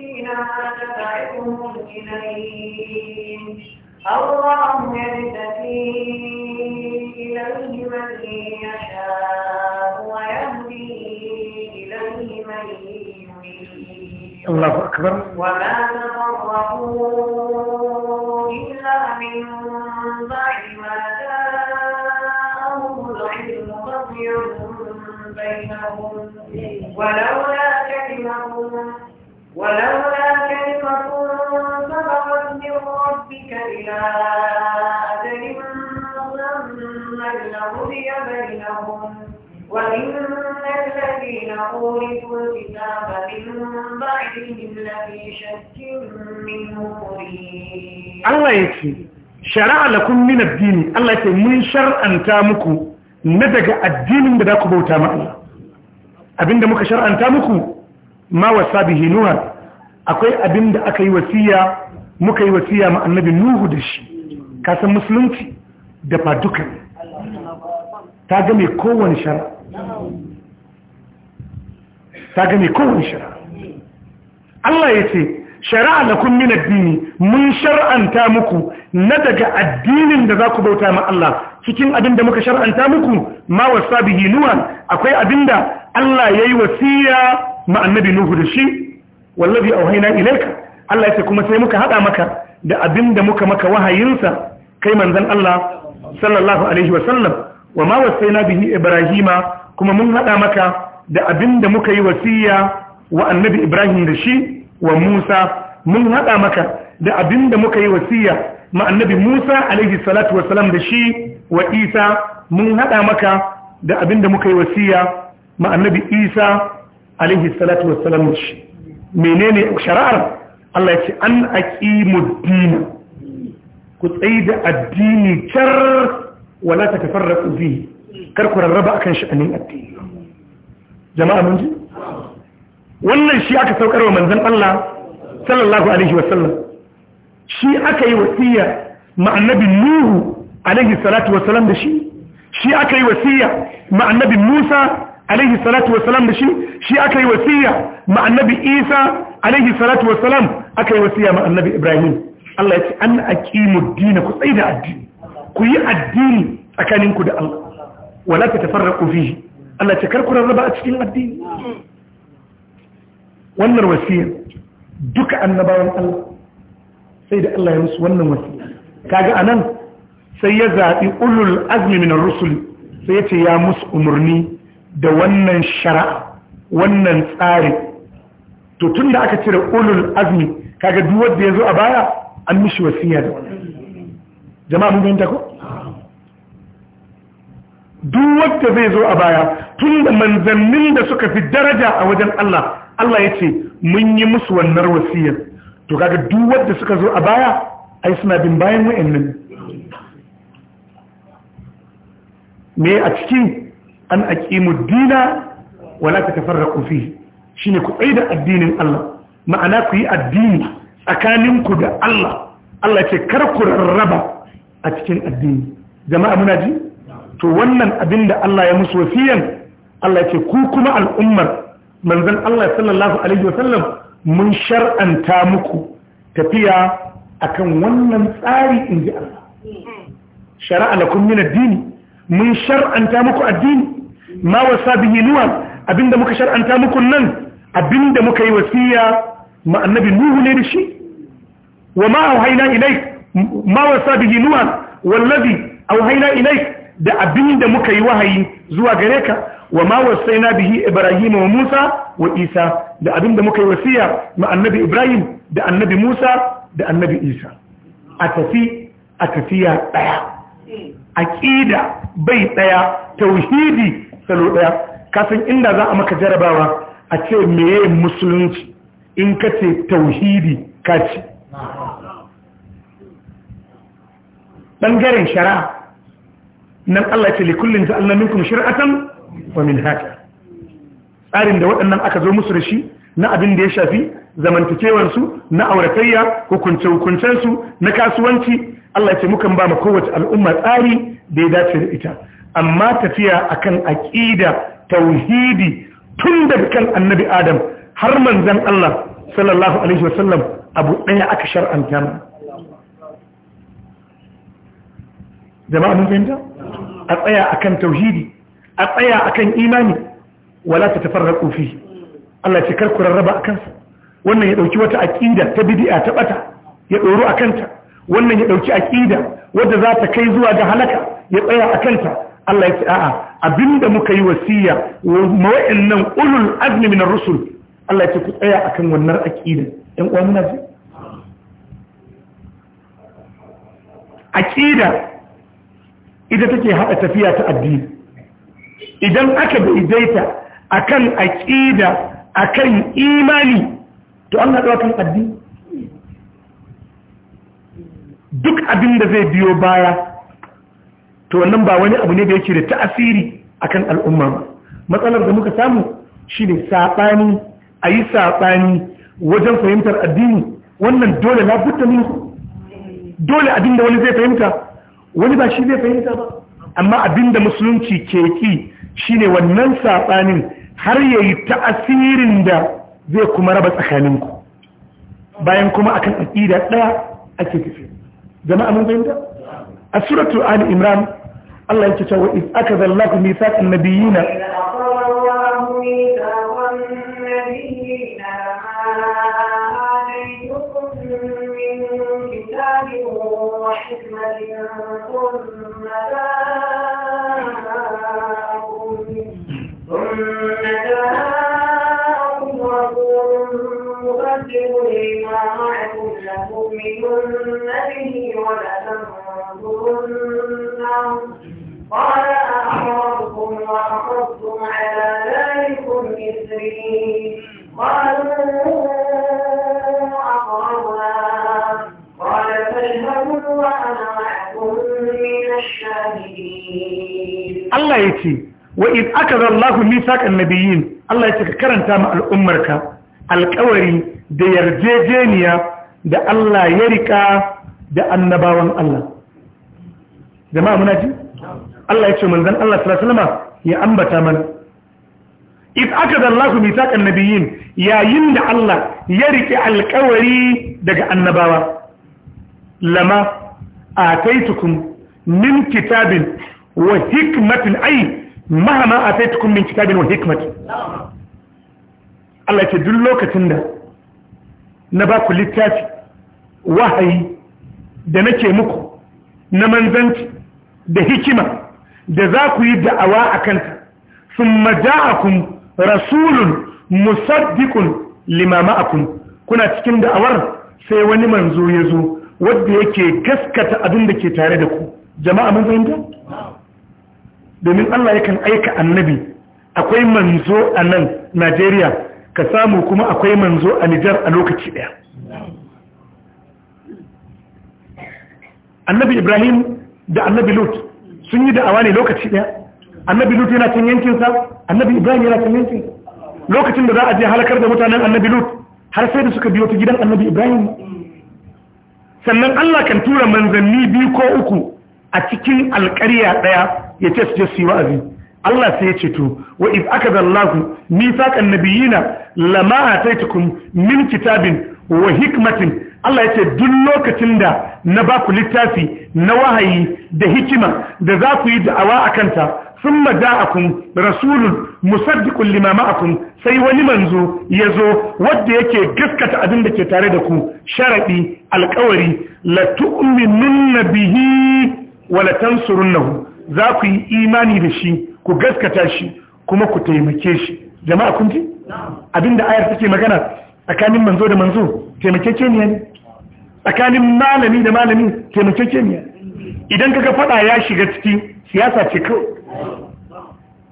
بما تدعوهم إليه الله يهدي إليه من يشاء ويهدي إليه من يريد الله أكبر وما تفرقوا إلا من بعد ما جاءهم العلم بغيا بينهم ولو Allah ya ce shari'a lakum min ad-din Allah ya ce mun shar'anta muku na daga addinin da ku bauta ma Allah abinda muka shar'anta muku ma wasa bihi nuha akwai abinda aka yi wasiya muka yi wasiya ma annabi nuhu da shi ka san musulunci da fadukan ta game kowane shari'a ta shari'a Allah ya ce shari'a kun min addini mun shar'anta muku na daga addinin da za ku bauta ma Allah cikin abin da muka shar'anta muku ma wasa bihi nuwan akwai abin da Allah yayi wasiya ma annabi nuhu da shi wallahi auhaina ilaika Allah ya ce kuma sai muka hada maka da abin da muka maka wahayinsa kai manzon Allah sallallahu alaihi wasallam wa ma wasaina bihi ibrahima kuma mun hada maka da abin da muka yi wasiya wa annabi ibrahim da shi wa Musa mun haɗa maka da abin da muka yi wasiya ma annabi Musa alaihi salatu wasalam da shi wa Isa mun haɗa maka da abin da muka yi wasiya ma annabi Isa alaihi salatu wasalam da shi menene shari'ar Allah ya ce an aqimu dina ku tsayi da addini car wala tatafarraqu bihi kar ku rarraba akan sha'anin addini jama'a mun ji wannan shi aka saukar wa manzan Allah sallallahu alaihi wasallam shi aka yi wasiya ma nuhu alaihi salatu wasallam da shi shi aka yi wasiya ma musa alaihi salatu wasallam da shi shi aka yi wasiya ma isa alaihi salatu wasallam aka yi wasiya ma ibrahim Allah ya ce an aqimu dina ku tsaida addini ku yi addini tsakaninku da Allah wala ta tafarraqu fihi Allah ya ce kar ku rarraba a cikin addini wannan wasiyar duka annabawan Allah sai da Allah ya musu wannan wasiyar kaga anan sai ya zaɓi ulul azmi min rusul sai ya ce ya musu umarni da wannan shara'a wannan tsari to tun da aka cire ulul azmi kaga duk wanda ya zo a baya an mishi wasiya da wannan jama'a mun ganta ko duk wanda zai zo a baya tun da manzannin da suka fi daraja a wajen Allah Allah ya ce mun yi musu wannan wasiyar to kaga duk wanda suka zo a baya ai suna bin bayan wa'annan me a ciki an aqimu dina wala tatafarraqu fihi shine ku tsaida addinin Allah ma'ana ku yi addini tsakaninku da Allah Allah ce kar ku rarraba a cikin addini jama'a muna ji to wannan abin da Allah ya musu wasiyan Allah ce ku kuma al'ummar manzon Allah sallallahu alaihi wasallam mun shar'anta muku tafiya akan wannan tsari in ji Allah shara'a lakum min mun shar'anta muku addini ma wasa bihi nuwa abinda muka shar'anta muku nan abinda muka yi wasiya ma annabi nuhu ne da shi wa ma haina ilaik ma wasa bihi nuwa wallazi haina ilaik da abinda muka yi wahayi zuwa gare ka wa ma na bihi ibrahim wa musa wa isa da abinda muka yi wasiya ma annabi ibrahim da annabi musa da annabi isa a tafi a tafiya daya aqida bai daya tauhidi salo daya kasan inda za a maka jarabawa a ce meye musulunci in ka ce tauhidi ka ce ɓangaren shara nan Allah ce likullin ta Allah minkum shir'atan wa min tsarin da waɗannan aka zo musu da shi na abin da ya shafi zamantakewarsu na auratayya hukunce-hukuncensu na kasuwanci Allah ce mukan ba ma kowace al'umma tsari da ya dace da ita amma tafiya akan aƙida tauhidi tun daga kan annabi adam har manzon Allah sallallahu alaihi wasallam abu ɗaya aka shar'anta mu jama'a mun fahimta a tsaya akan tauhidi a tsaya a kan imani wala ta tafarraqu ƙofi. Allah ce karku rarraba a kansa. wannan ya ɗauki wata aƙida ta bid'a ta bata ya doro a kanta. wannan ya ɗauki aƙida wadda za ta kai zuwa ga halaka ya tsaya a kanta. Allah ya ce a'a abinda muka yi wasiya wa wa'annan ulul azmi minar rusul Allah ya ce ku tsaya akan wannan aƙida. ɗan uwa muna ji aqida ita take haɗa tafiya ta addini idan aka daidaita akan a akan imani to an haɗu kan addini duk abin da zai biyo baya to wannan ba wani abu ne da yake da ta'asiri akan al'umma ba. matsalar da muka samu shi ne saɓani a yi saɓani wajen fahimtar addini wannan dole na fita ne dole abin da wani zai fahimta wani ba shi zai fahimta ba amma abin da musulunci ke ki shine wannan saɓanin har yayi ta'asirin da zai kuma raba tsakaninku bayan kuma akan aƙida ɗaya ake tafi jama'a mun fahimta a suratu ali imran Allah yake cewa iz aka zallaku mithaqan nabiyina وحكمة ثم ثم جاءكم رسول مبشر لما معكم لتؤمنن به ولتنصرنه قال أأقررتم وأخذتم على ذلكم إثري قالوا أقررنا قال فاشهدوا وأنا معكم من الشاهدين الله يكفي wa id akaza Allahu mithaqan nabiyyin Allah ya ce ka karanta ma al'ummarka alƙawari da yarjejeniya da Allah ya rika da annabawan Allah jama'a muna ji Allah ya ce manzon Allah sallallahu alaihi ya ambata mana id akaza Allahu mithaqan nabiyyin yayin da Allah ya rike alƙawari daga annabawa lama a ataitukum min kitabin wa hikmatin ay mahama a sai tukun min kitabin wa hikmati Allah ce duk lokacin da na ba ku littafi wahayi da nake muku na manzanci da hikima da za ku yi da'awa a kanta sun maja'akun rasulun musaddiqun limama'akun kuna cikin da'awar sai wani manzo ya zo wadda yake gaskata abin da ke tare da ku jama'a mun fahimta domin Allah yakan aika annabi akwai manzo a nan Najeriya ka samu kuma akwai manzo a Nijar a lokaci daya annabi Ibrahim da annabi Lut sun yi da'awa ne lokaci daya annabi Lut yana cin yankinsa annabi Ibrahim yana cin yankin. lokacin da za a je halakar da mutanen annabi Lut har sai da suka biyo ta gidan annabi Ibrahim sannan Allah kan tura manzanni biyu ko uku a cikin alƙarya ɗaya ya ce su je su yi wa'azi Allah sai ya ce to wa iz akada Allahu mithaqan nabiyina lama ataitukum min kitabin wa hikmatin Allah ya ce duk lokacin da na ba ku littafi na wahayi da hikima da za ku yi da'awa a kanta sun kun rasulun musaddiƙun kun sai wani manzo ya zo wadda yake gaskata abin da ke tare da ku sharaɗi alkawari latu'minun nabihi bihi walatansurun za ku yi imani da shi ku gaskata shi kuma ku taimake shi jama'a kun ji abinda ayar take magana tsakanin manzo da manzo taimakekeniya ne tsakanin malami da malami ne idan kaga fada ya shiga ciki siyasa ce kawai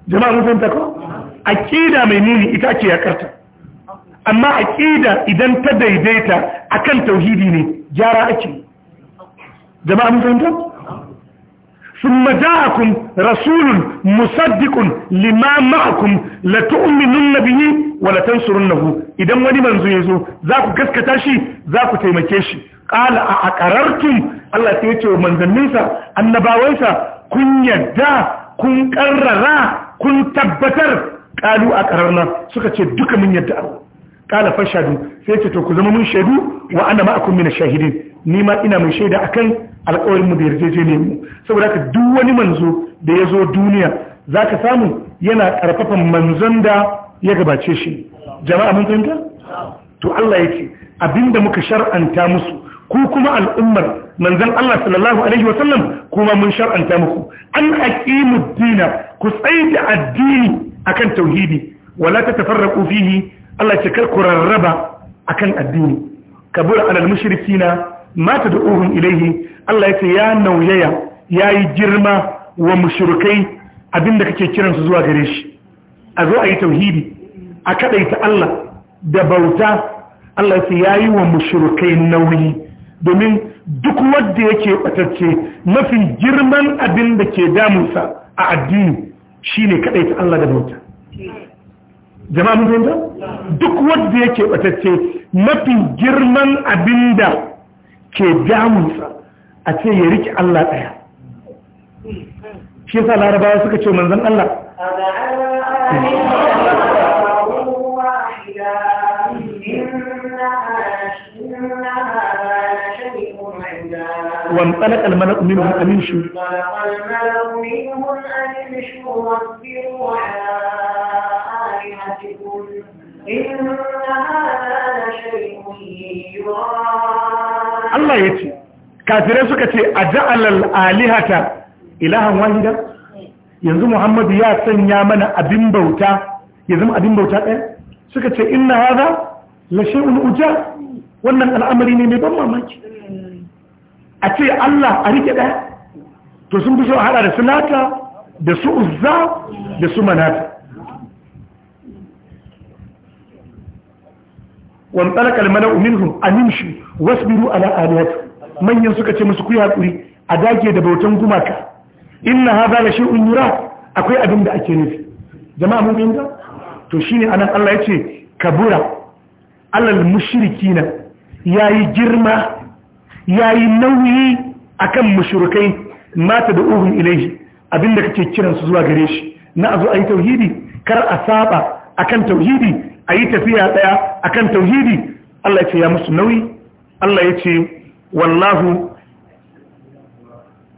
jama'a mun fahimta ko aqida mai nuni ita ce ya karta. amma aqida idan ta daidaita akan tauhidi ne gyara ake jama'a mun fahimta ثم جاءكم رسول مصدق لما معكم لا تؤمنون به ولا تنصرونه idan wani manzo yazo zaku gaskata shi zaku taimake shi Ƙala a aqarartum Allah sai yace manzanninsa annabawansa kun yadda kun karrara kun tabbatar qalu aqararna suka ce duka mun yadda Allah qala fashadu sai yace to ku zama mun shaidu wa ana ma'akum min ash-shahidin ni ma ina mai shaida akan alkawarin mu da yarjejeniyar mu saboda haka duk wani manzo da ya zo duniya zaka samu yana karfafa manzon da ya gabace shi jama'a mun fahimta to Allah yake abinda muka shar'anta musu ku kuma al'ummar manzon Allah sallallahu alaihi wa sallam kuma mun shar'anta muku an aqimu dina ku tsaida addini akan tauhidi wala tatafarraqu fihi Allah ya ce kar ku rarraba akan addini kabura alal mushrikina mata da uhun ilaihi Allah ya ce ya nauyaya ya yi girma wa mushrikai abinda kake kiransu zuwa gare shi a zo a yi tauhidi a kadaita Allah da bauta Allah ya ce ya yi wa mushrikai nauyi domin duk wadda yake batacce mafi girman abin da ke damunsa a addini shine kadaita Allah da bauta jama'a mun fahimta duk wadda yake batacce mafi girman abin da ke damunsa a ce ya riƙe Allah ɗaya shi yasa larabawa suka ce manzan Allah وانطلق الملأ منهم أن امشوا وانطلق الملأ منهم أن امشوا واصبروا على آلهتكم Allah ya ce, kafirai suka ce, A ja'alal alihata ilahan wahida, yanzu Muhammadu ya sanya mana abin bauta, ya zama abin bauta ɗaya, suka ce, Inna haza, lashe'un uja, wannan al'amari ne mai ban mamaki. A ce Allah a rike ɗaya, to sun fi so a haɗa da sunata, da su uzza, da su manata. وانطلق الملأ منهم أن يمشوا واصبروا على آلهتهم manyan suka ce musu ku hakuri a dage da bautan gumaka inna hadha da shi yura akwai abinda ake nufi jama'a mun inda to shine anan Allah yace kabura alal mushrikina yayi girma yayi nauyi akan mushrikai mata da uhum ilaihi abinda kake kiransu zuwa gare shi na zo a yi tauhidi kar a saba akan tauhidi a yi tafiya ɗaya kan tauhidi Allah ya ce ya musu nauyi Allah ya ce wallahu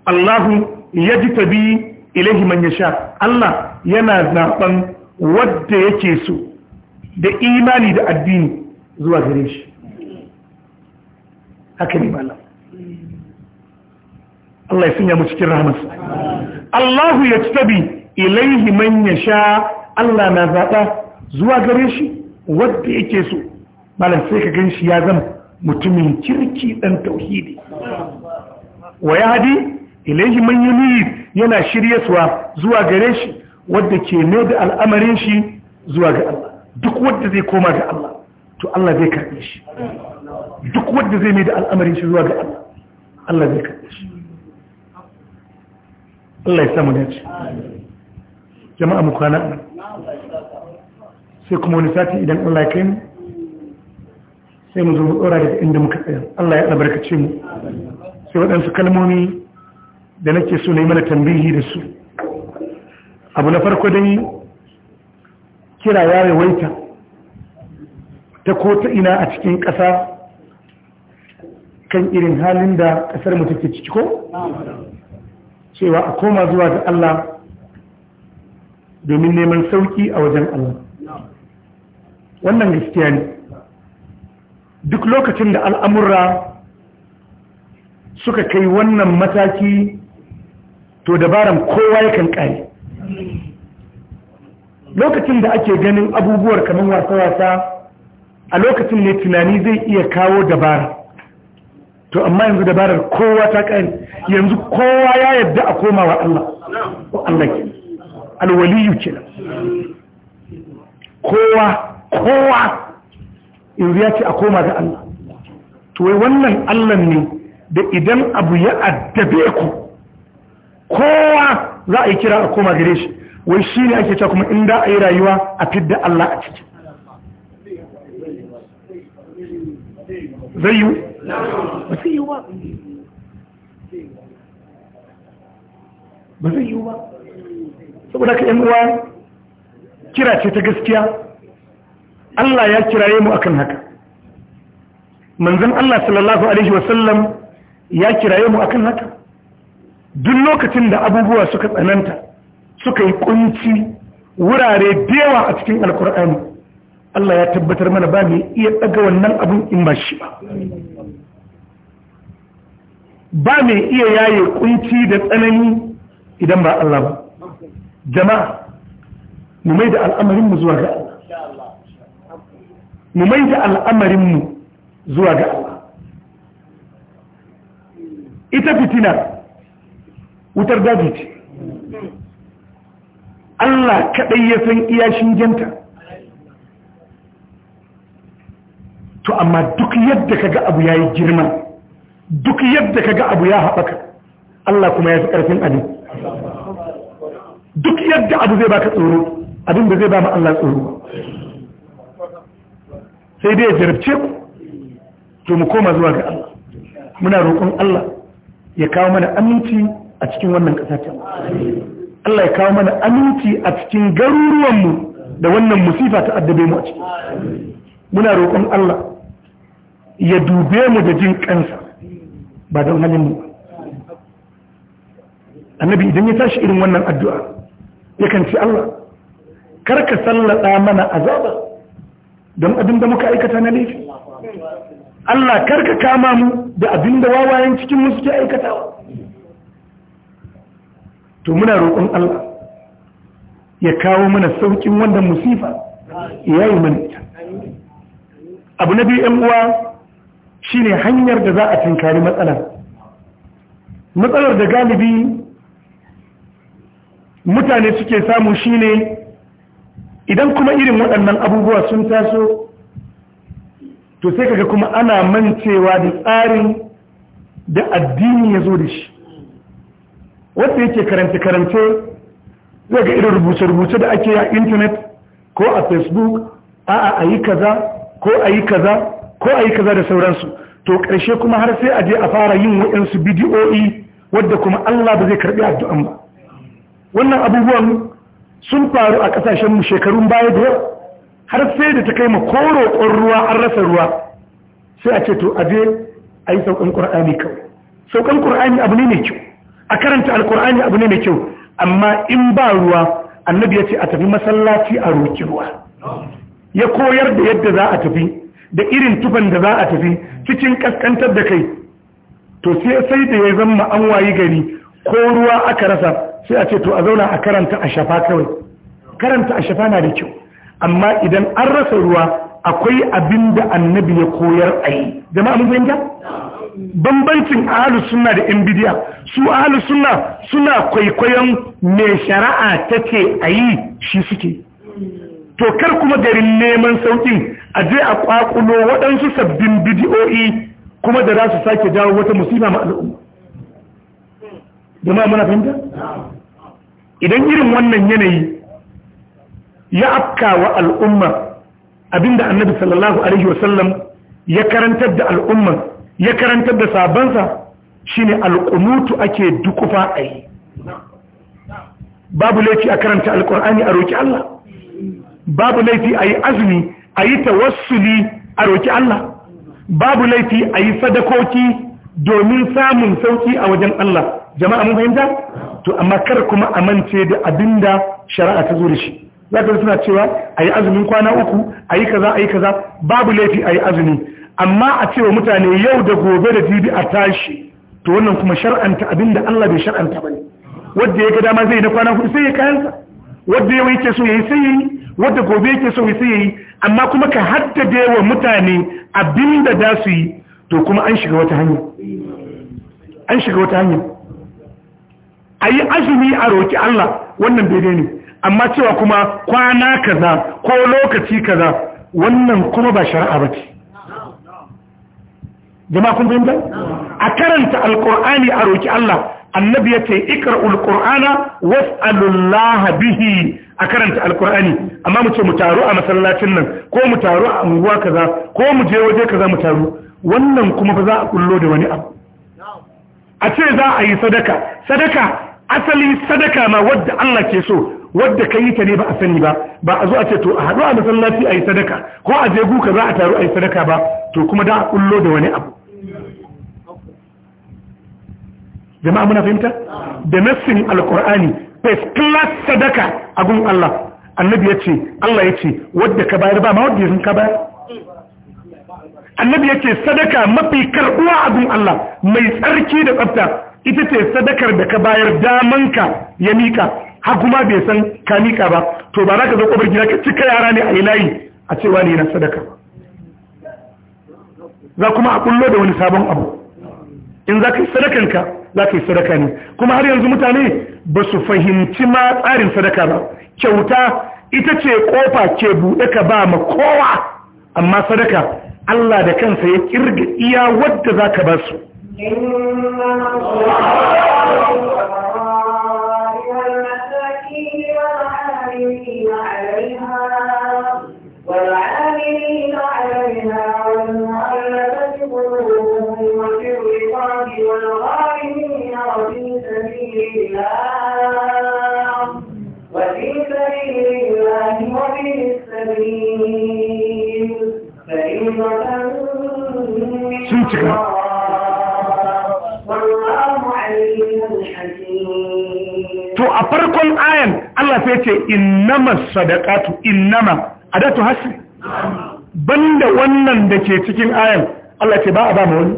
Allahu ya ji tabi ilahi man yasha Allah yana zaben wadda yake so da imani da addini zuwa gare shi haka ne malam Allah ya sanya mu cikin rahmarsa Allahu ya tabi ilaihi man yasha Allah na zaɓa zuwa gare shi wadda yake so malam sai ka gan shi ya zama mutumin kirki dan tauhidi wa ya hadi ilaihi man yana yana suwa zuwa gare shi wadda ke mai da al'amarin shi zuwa ga Allah duk wadda zai koma ga Allah to Allah zai karbe shi duk wadda zai mai da al'amarin shi zuwa ga Allah Allah zai karbe shi Allah ya samu dace jama'a mu kwana sai kuma wani sati idan Allah ya kai mu sai mu zo mu dora daga inda muka tsaya Allah ya albarkace mu sai waɗansu kalmomi da nake so na yi mana tambihi da su abu na farko dai kira ya yawaita ta ko ta ina a cikin ƙasa kan irin halin da ƙasar mu take ciki ko cewa a koma zuwa ga Allah domin neman sauki a wajen Allah wannan gaskiya ne duk lokacin da al'amurra suka kai wannan mataki to dabaran kowa kan kare lokacin da ake ganin abubuwar kamar wasa-wasa a lokacin ne tunani zai iya kawo dabara to amma yanzu dabarar kowa ta kare yanzu kowa ya yadda a komawa Allah ko Allah ke alwaliyu kenan kowa kowa in ya ce a koma ga Allah to wai wannan Allah ne da idan abu ya addabe ku kowa za a yi kira a koma gare shi wai shi ne ake cewa kuma inda a yi rayuwa a fidda Allah a ciki zai yi ba zai yi ba ba zai yi ba saboda ka uwa kira ce ta gaskiya Allah ya kiraye mu akan haka manzon Allah sallallahu alaihi wasallam ya kiraye mu akan haka duk lokacin da abubuwa suka tsananta suka yi kunci wurare dewa a cikin alkur'ani Allah ya tabbatar mana ba mai iya daga wannan abun in ba shi ba ba mai iya yaye kunci da tsanani idan ba Allah ba jama'a mu mai da al'amarinmu zuwa ga mu mai da al'amarinmu zuwa ga Allah ita fitina wutar daji ce Allah kaɗai ya san iya shingenta to amma duk yadda kaga abu ya yi girma duk yadda kaga abu ya haɓaka Allah kuma ya fi ƙarfin abin duk yadda abu zai baka tsoro abin da zai ba ma Allah tsoro sai dai ya jarabce ku to mu koma zuwa ga Allah muna roƙon Allah ya kawo mana aminci a cikin wannan ƙasa ta Allah ya kawo mana aminci a cikin garuruwan mu da wannan musifa ta addabe mu a ciki muna roƙon Allah ya dube mu da jin kansa ba don halin mu annabi idan ya tashi irin wannan addu'a yakan ci Allah karka sallata mana azaba don abin da muka aikata na laifi Allah karka kama mu da abin da wawayen cikin mu suke aikatawa to muna roƙon Allah ya kawo mana saukin wanda musifa ya yi mana ita abu na biyu yan uwa shine hanyar da za a tinkari matsalar matsalar da galibi mutane suke samu shine idan kuma irin waɗannan abubuwa sun taso to sai kaga kuma ana mancewa da tsarin da addini ya zo da shi wanda yake karance-karance zai ga irin rubuce-rubuce da ake a intanet ko a facebook a a yi kaza ko a yi kaza ko a yi kaza da sauransu to ƙarshe kuma har sai a je a fara yin waɗansu bidiyo'i wadda kuma allah ba zai karɓi addu'an ba wannan abubuwan sun faru a mu shekarun baya da yau har sai da ta kai ma koroƙon ruwa an rasa ruwa sai a ce to aje a yi saukan ƙur'ani kawai saukan ƙur'ani abu ne mai kyau a karanta alƙur'ani abu ne mai kyau amma in ba ruwa annabi ya ce a tafi masallaci a roƙi ruwa ya koyar da yadda za a tafi da irin tufan da za a tafi cikin kaskantar da kai to sai da ya zama an wayi gari ko ruwa aka rasa sai a ce to a zauna a karanta a shafa kawai karanta a shafa na da kyau amma idan an rasa ruwa akwai abin da annabi ya koyar a yi jama'a mun fahimta bambancin ahalu sunna da yan bidiya su ahalu sunna suna kwaikwayon mai shari'a ta ke a yi shi suke to kar kuma garin neman saukin a je a kwakulo waɗansu sabbin bidiyo'i kuma da za su sake jawo wata musulma ma al'umma jama'a muna fahimta idan irin wannan yanayi ya afka wa al'umma abinda annabi sallallahu alaihi wasallam ya karantar da al'umma ya karantar da sabansa shine alqunutu ake dukufa ai babu laifi a karanta alqur'ani a roki Allah babu laifi ayi azumi ayi tawassuli a roki Allah babu laifi ayi sadakoki domin samun sauki a wajen Allah jama'a mun fahimta to amma kar kuma a da abinda shari'a ta zo da shi za ka suna cewa a yi azumin kwana uku a yi kaza a yi kaza babu laifi a yi azumi amma a cewa mutane yau da gobe da jibi a tashi to wannan kuma shar'anta abinda Allah bai shar'anta ba ne wadda ya dama zai na kwana uku sai ya kayansa wadda yau yake so yayi sai ya yi wadda gobe yake so ya sai ya yi amma kuma ka haddade wa mutane abinda za su yi to kuma an shiga wata hanya an shiga wata hanya a yi azumi a roƙi Allah wannan daidai ne amma cewa kuma kwana kaza ko lokaci kaza wannan kuma ba shari'a ba ce jama kun fahimta a karanta alƙur'ani a roƙi Allah annabi ya ce ikra'ul wasu was'alullaha bihi a karanta alkur'ani amma mu ce mu taru a masallacin nan ko mu taru a unguwa kaza ko mu je waje kaza mu taru wannan kuma ba za a kullo da wani abu a ce za a yi sadaka sadaka asali sadaka ma wadda Allah ke so wadda ka yi ta ne ba a sani ba ba a zo a ce to a haɗu a masallaci a yi sadaka ko a je guka za a taru a yi sadaka ba to kuma da a kullo da wani abu jama'a muna fahimta da nassin alkur'ani first class sadaka a gun Allah annabi ya ce Allah ya ce wadda ka bayar ba ma wadda yanzu ka bayar annabi ya ce sadaka mafi karɓuwa a gun Allah mai tsarki da tsafta ita ce sadakar da ka bayar daman ka ya mika har kuma bai san ka mika ba to ba za ka zo kwabar gida ka cika yara ne a layi a cewa ne na sadaka za kuma a kullo da wani sabon abu in za ka yi sadakanka za ka yi sadaka ne kuma har yanzu mutane ba su fahimci ma tsarin sadaka ba kyauta ita ce kofa ke buɗe ka ba ma kowa amma sadaka Allah da kansa ya kirga iya wadda za ka ba su إنما الله farkon ayan Allah sai ce innamas sadaqatu innama adatu hasbi banda wannan da ke cikin ayan Allah ce ba a ba ma wani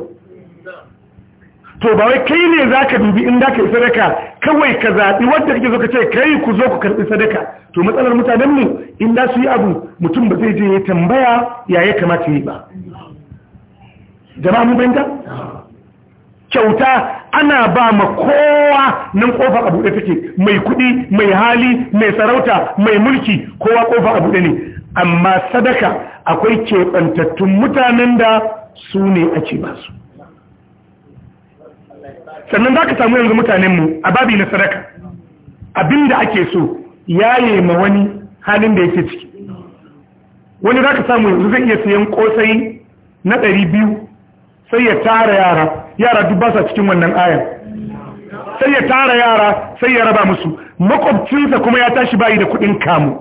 to ba wai kai ne zaka dubi in da ka yi sadaka kawai ka zabi wanda kake zo ka ce kai ku zo ku karbi sadaka to matsalar mutanen mu in da su yi abu mutum ba zai je ya tambaya ya ya kamata yi ba jama'a mun fahimta kyauta ana ba ma kowa nan kofa a buɗe take mai kuɗi mai hali mai sarauta mai mulki kowa kofa a buɗe ne amma sadaka akwai keɓantattun mutanen da su ne a ce ba su sannan za ka samu yanzu mutanenmu a babi na sadaka abinda ake so yi ma wani halin da yake ciki wani za ka samu yanzu zai iya sayan kosai na ɗari biyu sai ya tara yara yara duk ba sa cikin wannan ayan sai ya tara yara sai ya raba musu makwabcinsa kuma ya tashi bayi da kudin kamu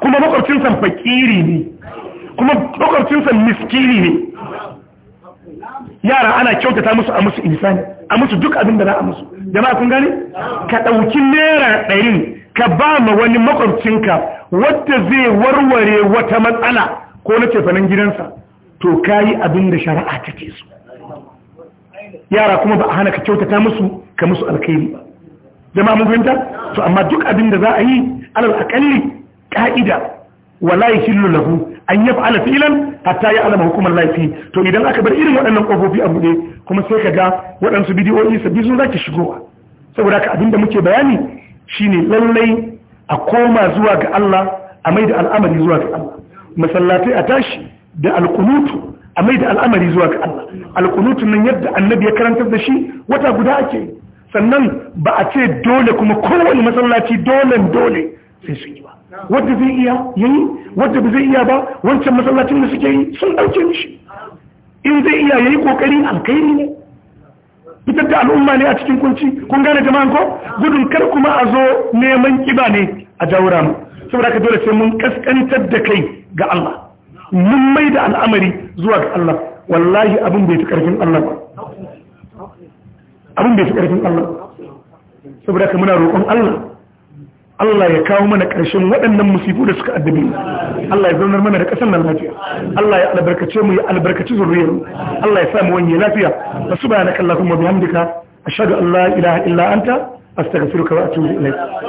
kuma makwabcinsa fakiri ne kuma makwabcinsa miskini ne yara ana kyautata musu a musu insani a musu duk abin da za a musu jama'a kun gani? ka ɗauki naira ɗarin ka ba ma wani makwabcinka wadda zai warware wata matsala ko na cefanen gidansa to kayi abin da shari'a take so yara kuma ba a hana ka kyautata musu ka musu alkhairi ba ma mun fahimta to amma duk abin da za a yi alal aqalli ka'ida wala yahillu lahu an yaf'ala filan hatta ya'lama hukuman laifi to idan aka bar irin waɗannan kofofi a buɗe kuma sai ka ga waɗansu bidiyoyi sabbi sun zaki shigowa saboda haka da muke bayani shine lallai a koma zuwa ga Allah a maida da al'amari zuwa ga Allah masallatai a tashi da alkunutu a mai da al'amari zuwa ga Allah alkunutun nan yadda annabi ya karantar da shi wata guda ake sannan ba a ce dole kuma kowane masallaci dole dole sai sun yi ba wadda zai iya yayi wadda ba zai iya ba wancan masallacin da suke yi sun dauke mishi in zai iya yayi kokari alkhairi ne fitar da al'umma ne a cikin kunci kun gane jama'an ko gudun kar kuma a zo neman kiba ne a jawo mu saboda ka dole sai mun kaskantar da kai ga Allah mun mai da al'amari zuwa ga Allah wallahi abin bai fi ƙarfin Allah ba abin bai fi ƙarfin Allah saboda ka muna roƙon Allah Allah ya kawo mana ƙarshen waɗannan musibu da suka addabi Allah ya zaunar mana da ƙasar nan lafiya Allah ya albarkace mu ya albarkaci zuriyar Allah ya sa mu wani lafiya wa subhanaka allahumma bihamdika ashhadu an la ilaha illa anta astaghfiruka wa atubu ilayk